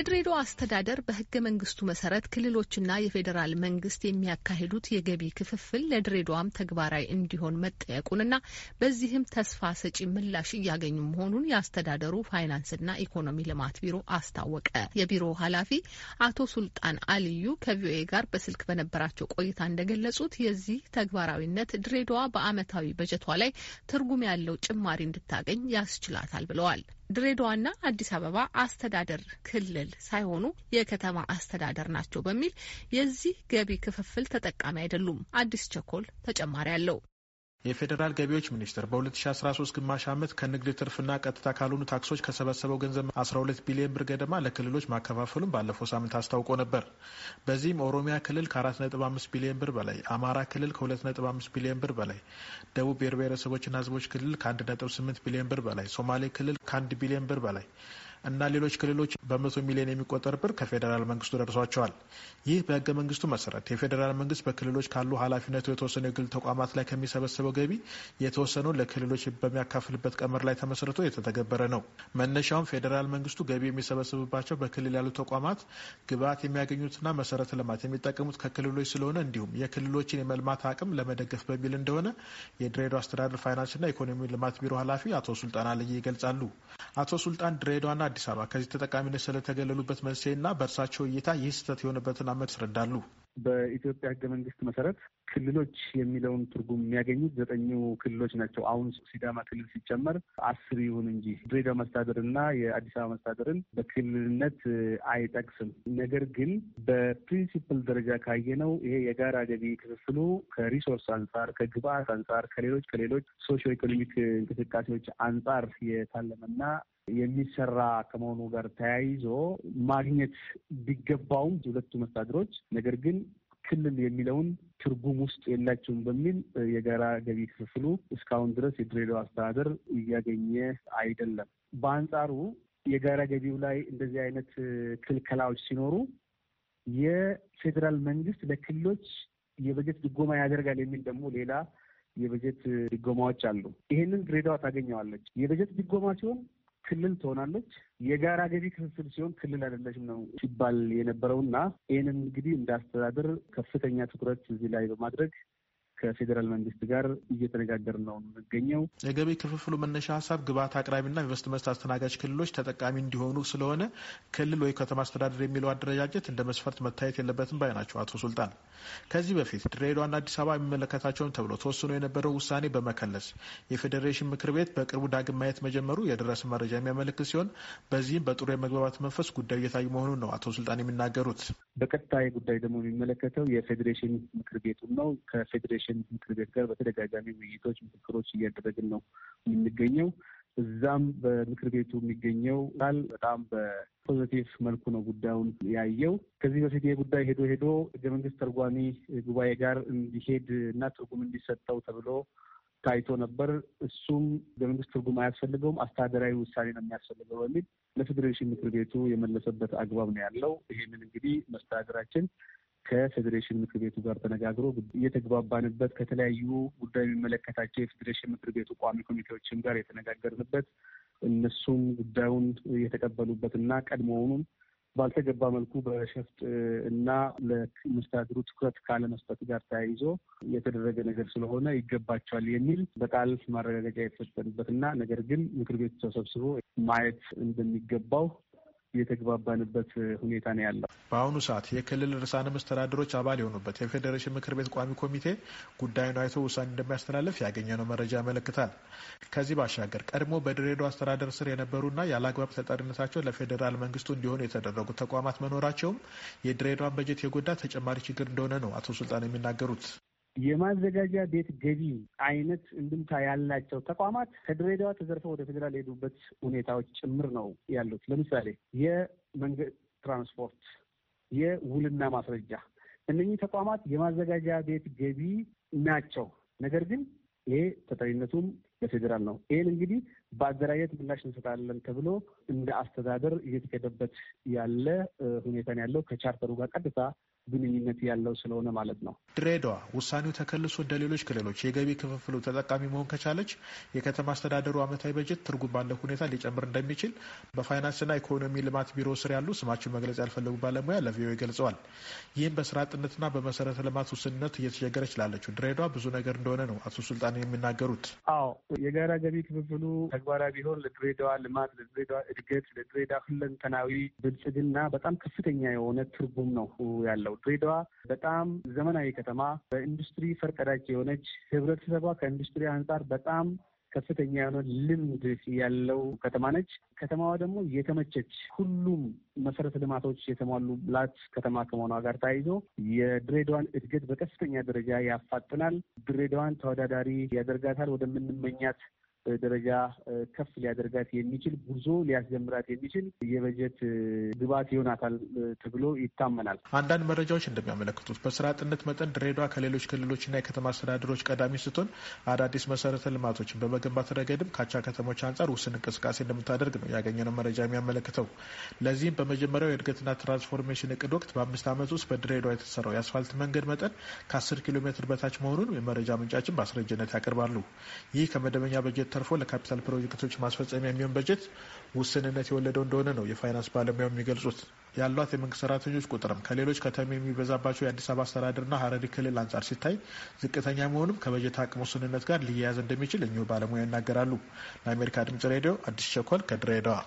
የድሬዳዋ አስተዳደር በህገ መንግስቱ መሰረት ክልሎችና የፌዴራል መንግስት የሚያካሂዱት የገቢ ክፍፍል ለድሬዳዋም ተግባራዊ እንዲሆን መጠየቁንና በዚህም ተስፋ ሰጪ ምላሽ እያገኙ መሆኑን የአስተዳደሩ ፋይናንስና ኢኮኖሚ ልማት ቢሮ አስታወቀ። የቢሮው ኃላፊ አቶ ሱልጣን አልዩ ከቪኦኤ ጋር በስልክ በነበራቸው ቆይታ እንደገለጹት የዚህ ተግባራዊነት ድሬዳዋ በአመታዊ በጀቷ ላይ ትርጉም ያለው ጭማሪ እንድታገኝ ያስችላታል ብለዋል። ድሬዳዋና አዲስ አበባ አስተዳደር ክልል ሳይሆኑ የከተማ አስተዳደር ናቸው በሚል የዚህ ገቢ ክፍፍል ተጠቃሚ አይደሉም። አዲስ ቸኮል ተጨማሪ አለው። የፌዴራል ገቢዎች ሚኒስቴር በ2013 ግማሽ ዓመት ከንግድ ትርፍና ቀጥታ ካልሆኑ ታክሶች ከሰበሰበው ገንዘብ 12 ቢሊዮን ብር ገደማ ለክልሎች ማከፋፈሉን ባለፈው ሳምንት አስታውቆ ነበር። በዚህም ኦሮሚያ ክልል ከ4.5 ቢሊዮን ብር በላይ፣ አማራ ክልል ከ2.5 ቢሊዮን ብር በላይ፣ ደቡብ ብሔር ብሔረሰቦችና ህዝቦች ክልል ከ1.8 ቢሊዮን ብር በላይ፣ ሶማሌ ክልል ከ1 ቢሊዮን ብር በላይ እና ሌሎች ክልሎች በመቶ ሚሊዮን የሚቆጠር ብር ከፌዴራል መንግስቱ ደርሷቸዋል። ይህ በህገ መንግስቱ መሰረት የፌዴራል መንግስት በክልሎች ካሉ ኃላፊነቱ የተወሰኑ የግል ተቋማት ላይ ከሚሰበሰበው ገቢ የተወሰነውን ለክልሎች በሚያካፍልበት ቀመር ላይ ተመስርቶ የተተገበረ ነው። መነሻውም ፌዴራል መንግስቱ ገቢ የሚሰበስብባቸው በክልል ያሉ ተቋማት ግብዓት የሚያገኙትና መሰረተ ልማት የሚጠቀሙት ከክልሎች ስለሆነ እንዲሁም የክልሎችን የመልማት አቅም ለመደገፍ በሚል እንደሆነ የድሬዳዋ አስተዳደር ፋይናንስና ኢኮኖሚ ልማት ቢሮ ኃላፊ አቶ ሱልጣን አልይ ይገልጻሉ። አቶ ሱልጣን ድሬዳዋና አዲስ አበባ ከዚህ ተጠቃሚነት ስለተገለሉበት መንስኤና በእርሳቸው እይታ ይህ ስህተት የሆነበትን አመት ያስረዳሉ። በኢትዮጵያ ህገ መንግስት መሰረት ክልሎች የሚለውን ትርጉም የሚያገኙት ዘጠኙ ክልሎች ናቸው። አሁን ሲዳማ ክልል ሲጨመር አስር ይሁን እንጂ ድሬዳዋ መስተዳደርና የአዲስ አበባ መስተዳደርን በክልልነት አይጠቅስም። ነገር ግን በፕሪንሲፕል ደረጃ ካየነው ይሄ የጋራ ገቢ ክፍፍሉ ከሪሶርስ አንጻር፣ ከግብአት አንጻር፣ ከሌሎች ከሌሎች ሶሺዮ ኢኮኖሚክ እንቅስቃሴዎች አንጻር የታለመና የሚሰራ ከመሆኑ ጋር ተያይዞ ማግኘት ቢገባውም ሁለቱ መስተዳድሮች ነገር ግን ክልል የሚለውን ትርጉም ውስጥ የላቸውም በሚል የጋራ ገቢ ክፍፍሉ እስካሁን ድረስ የድሬዳዋ አስተዳደር እያገኘ አይደለም። በአንጻሩ የጋራ ገቢው ላይ እንደዚህ አይነት ክልከላዎች ሲኖሩ የፌዴራል መንግስት ለክልሎች የበጀት ድጎማ ያደርጋል የሚል ደግሞ ሌላ የበጀት ድጎማዎች አሉ። ይሄንን ድሬዳዋ ታገኘዋለች። የበጀት ድጎማ ሲሆን ክልል ትሆናለች። የጋራ ገቢ ክፍፍል ሲሆን ክልል አይደለችም ነው ሲባል የነበረውና ይህንን እንግዲህ እንዳስተዳደር ከፍተኛ ትኩረት እዚህ ላይ በማድረግ ከፌዴራል መንግስት ጋር እየተነጋገር ነው የምንገኘው። የገቢ ክፍፍሉ መነሻ ሀሳብ ግብአት አቅራቢና ኢንቨስትመንት አስተናጋጅ ክልሎች ተጠቃሚ እንዲሆኑ ስለሆነ ክልል ወይ ከተማ አስተዳደር የሚለው አደረጃጀት እንደ መስፈርት መታየት የለበትም ባይ ናቸው አቶ ሱልጣን። ከዚህ በፊት ድሬዳዋና አዲስ አበባ የሚመለከታቸውን ተብሎ ተወስኖ የነበረው ውሳኔ በመከለስ የፌዴሬሽን ምክር ቤት በቅርቡ ዳግም ማየት መጀመሩ የደረሰ መረጃ የሚያመለክት ሲሆን በዚህም በጥሩ የመግባባት መንፈስ ጉዳዩ እየታዩ መሆኑን ነው አቶ ሱልጣን የሚናገሩት። በቀጣይ ጉዳይ ደግሞ የሚመለከተው የፌዴሬሽን ምክር ቤቱን ነው። ከፌዴሬሽን ኮሚሽን ምክር ቤት ጋር በተደጋጋሚ ውይይቶች፣ ምክክሮች እያደረግን ነው የምንገኘው። እዛም በምክር ቤቱ የሚገኘው ቃል በጣም በፖዘቲቭ መልኩ ነው ጉዳዩን ያየው። ከዚህ በፊት ይህ ጉዳይ ሄዶ ሄዶ ህገ መንግስት ተርጓሚ ጉባኤ ጋር እንዲሄድ እና ትርጉም እንዲሰጠው ተብሎ ታይቶ ነበር። እሱም ህገ መንግስት ትርጉም አያስፈልገውም፣ አስተዳደራዊ ውሳኔ ነው የሚያስፈልገው በሚል ለፌዴሬሽን ምክር ቤቱ የመለሰበት አግባብ ነው ያለው። ይህንን እንግዲህ መስተዳደራችን ከፌዴሬሽን ምክር ቤቱ ጋር ተነጋግሮ እየተግባባንበት ከተለያዩ ጉዳይ የሚመለከታቸው የፌዴሬሽን ምክር ቤቱ ቋሚ ኮሚቴዎችም ጋር የተነጋገርንበት እነሱም ጉዳዩን የተቀበሉበትና ቀድሞውኑም ባልተገባ መልኩ በሸፍጥ እና ለመስተዳድሩ ትኩረት ካለመስጠት ጋር ተያይዞ የተደረገ ነገር ስለሆነ ይገባቸዋል የሚል በቃል ማረጋገጫ የተሰጠንበት እና ነገር ግን ምክር ቤቱ ተሰብስቦ ማየት እንደሚገባው የተግባባንበት ሁኔታ ነው ያለው። በአሁኑ ሰዓት የክልል ርዕሳነ መስተዳድሮች አባል የሆኑበት የፌዴሬሽን ምክር ቤት ቋሚ ኮሚቴ ጉዳዩን አይቶ ውሳኔ እንደሚያስተላልፍ ያገኘነው መረጃ ያመለክታል። ከዚህ ባሻገር ቀድሞ በድሬዳዋ አስተዳደር ስር የነበሩና ያለ ተጠሪነታቸው ለፌዴራል መንግስቱ እንዲሆኑ የተደረጉ ተቋማት መኖራቸውም የድሬዳዋን በጀት የጎዳ ተጨማሪ ችግር እንደሆነ ነው አቶ ሱልጣን የሚናገሩት። የማዘጋጃ ቤት ገቢ አይነት እንድምታ ያላቸው ተቋማት ከድሬዳዋ ተዘርፈው ወደ ፌዴራል የሄዱበት ሁኔታዎች ጭምር ነው ያሉት። ለምሳሌ የመንገድ ትራንስፖርት፣ የውልና ማስረጃ እነኚህ ተቋማት የማዘጋጃ ቤት ገቢ ናቸው። ነገር ግን ይሄ ተጠሪነቱም ለፌዴራል ነው። ይህን እንግዲህ በአደራጀት ምላሽ እንሰጣለን ተብሎ እንደ አስተዳደር እየተሄደበት ያለ ሁኔታን ያለው ከቻርተሩ ጋር ቀጥታ ግንኙነት ያለው ስለሆነ ማለት ነው። ድሬዳዋ ውሳኔው ተከልሶ እንደ ሌሎች ክልሎች የገቢ ክፍፍሉ ተጠቃሚ መሆን ከቻለች የከተማ አስተዳደሩ ዓመታዊ በጀት ትርጉም ባለው ሁኔታ ሊጨምር እንደሚችል በፋይናንስና ኢኮኖሚ ልማት ቢሮ ስር ያሉ ስማችን መግለጽ ያልፈለጉ ባለሙያ ለቪኦኤ ገልጸዋል። ይህም በስራ አጥነትና በመሰረተ ልማት ውስንነት እየተቸገረች ላለችው ድሬዳዋ ብዙ ነገር እንደሆነ ነው አቶ ሱልጣን የሚናገሩት። አዎ የጋራ ገቢ ክፍፍሉ ተግባራዊ ቢሆን ለድሬዳዋ ልማት፣ ለድሬዳዋ እድገት፣ ለድሬዳዋ ሁለንተናዊ ብልጽግና በጣም ከፍተኛ የሆነ ትርጉም ነው ያለው። ድሬዳዋ በጣም ዘመናዊ ከተማ በኢንዱስትሪ ፈርቀዳጅ የሆነች ህብረተሰቧ ከኢንዱስትሪ አንጻር በጣም ከፍተኛ የሆነ ልምድ ያለው ከተማ ነች። ከተማዋ ደግሞ የተመቸች ሁሉም መሰረተ ልማቶች የተሟሉላት ከተማ ከመሆኗ ጋር ተያይዞ የድሬዳዋን እድገት በከፍተኛ ደረጃ ያፋጥናል። ድሬዳዋን ተወዳዳሪ ያደርጋታል ወደምንመኛት ደረጃ ከፍ ሊያደርጋት የሚችል ጉዞ ሊያስጀምራት የሚችል የበጀት ግብዓት ይሆናታል ተብሎ ይታመናል። አንዳንድ መረጃዎች እንደሚያመለክቱት በስራ አጥነት መጠን ድሬዳዋ ከሌሎች ክልሎችና የከተማ አስተዳደሮች ቀዳሚ ስትሆን አዳዲስ መሰረተ ልማቶችን በመገንባት ረገድም ካቻ ከተሞች አንጻር ውስን እንቅስቃሴ እንደምታደርግ ነው ያገኘነው መረጃ የሚያመለክተው። ለዚህም በመጀመሪያው የእድገትና ትራንስፎርሜሽን እቅድ ወቅት በአምስት ዓመት ውስጥ በድሬዳዋ የተሰራው የአስፋልት መንገድ መጠን ከአስር ኪሎ ሜትር በታች መሆኑን የመረጃ ምንጫችን በአስረጅነት ያቀርባሉ። ይህ ከመደበኛ በጀት ተርፎ ለካፒታል ፕሮጀክቶች ማስፈጸሚያ የሚሆን በጀት ውስንነት የወለደው እንደሆነ ነው የፋይናንስ ባለሙያው የሚገልጹት። ያሏት የመንግስት ሰራተኞች ቁጥርም ከሌሎች ከተማ የሚበዛባቸው የአዲስ አበባ አስተዳደርና ሀረሪ ክልል አንጻር ሲታይ ዝቅተኛ መሆኑም ከበጀት አቅም ውስንነት ጋር ሊያያዝ እንደሚችል እኚሁ ባለሙያ ይናገራሉ። ለአሜሪካ ድምጽ ሬዲዮ አዲስ ቸኮል ከድሬዳዋ